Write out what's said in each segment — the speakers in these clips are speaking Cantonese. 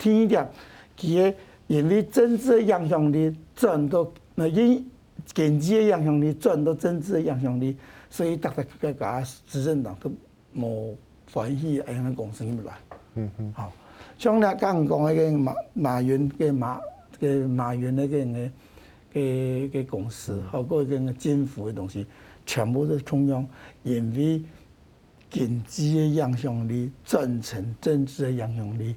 天一點，其實因為政治的影響力轉到那因經濟影響力轉到政治的影響力，所以特特個家執政黨都無歡喜，哎呀，他的公司咁亂。嗯嗯哼，好，像你剛講迄個馬馬雲，個馬個馬雲那個嘅嘅公司，嗯、包括迄個政府的東西，全部都通用，因為經濟嘅影響力轉成政治嘅影響力。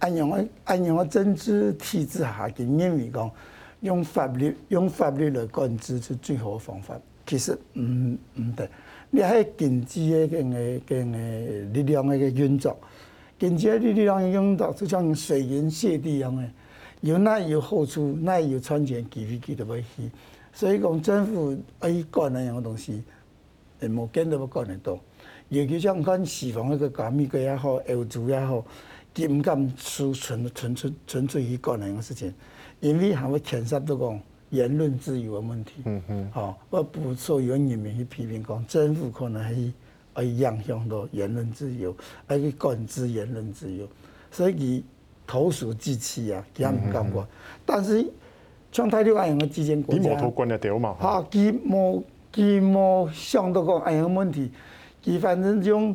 按用個按用個政治體制下，因為講用法律用法律來管制是最好的方法。其實唔唔得，你還經濟嘅經濟經濟力量嘅運作，經濟力量運作就像水銀瀉地一樣嘅，有耐有好處，耐有賺錢機會，機會多。所以講政府要管那樣東西，冇管到要管得多。尤其像講西方個革命，佢也好，歐洲也好。唔敢純純純純純純純說純純粹純粹一個人嘅事情，因為還會牽涉到講言論自由的問題，哦，我不受原人們去批評講政府可能係影響到言論自由，還去管制言論自由，所以投鼠忌器啊，佢唔敢講。但是從睇呢個樣嘅事情講，你矛頭對準嘛？啊，佢矛佢矛想到個樣問題，佢反正就是。